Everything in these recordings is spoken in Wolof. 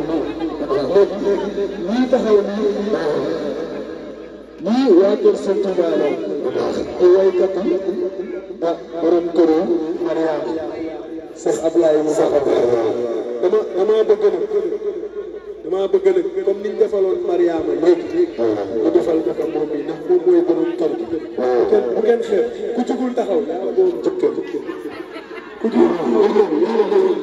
lii taxaw nii lii waa kër sëñ la te waykat yi ah borom këru Mariama sëñ Ablaye mu sax dama dama bëgg nag comme niñ defaloon Mariama léegi ñu defal naka moom bi ndax moom mooy borom kër bu kenn xeeb ku jugul taxaw yaa moom jëkkër ku jugul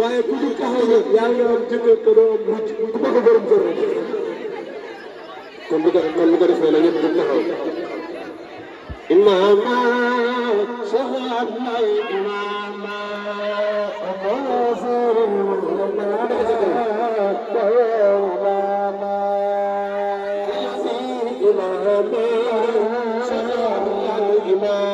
waaye ku dul taxaw nga yàlla nga am jëkkër te doo am wujj ku bëgg borom kër kon bu ko kon bu ko defee la ñëpp dul taxaw imaama soxlaat nay imaama Imam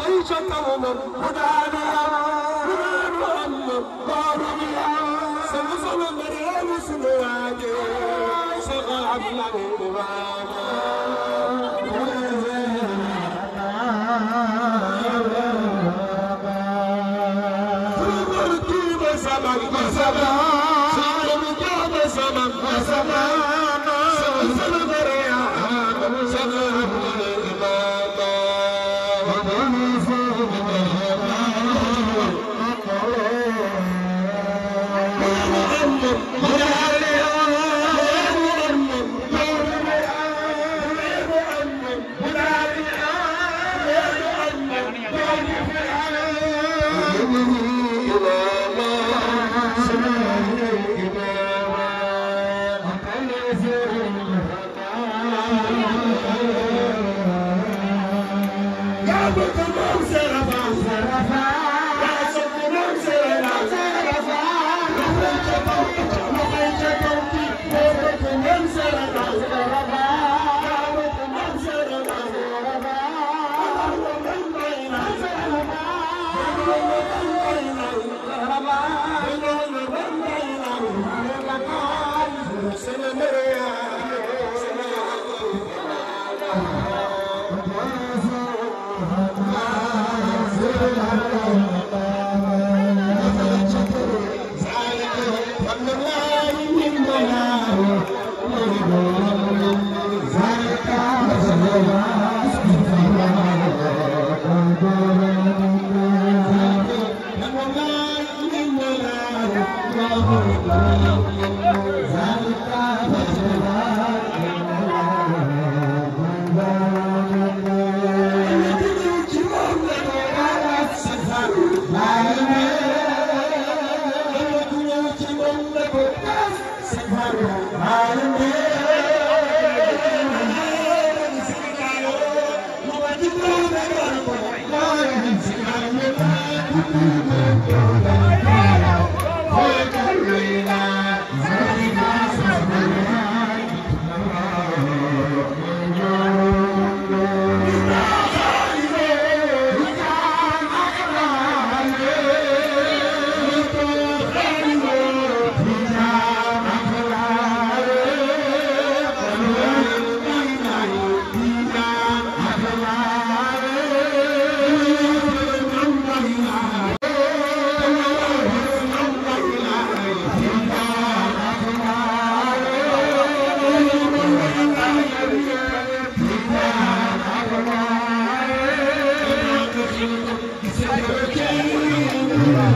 خيشة الأمم خدعنا सुवाल बाबू सबक़सान सराम Lá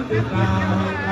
pecar.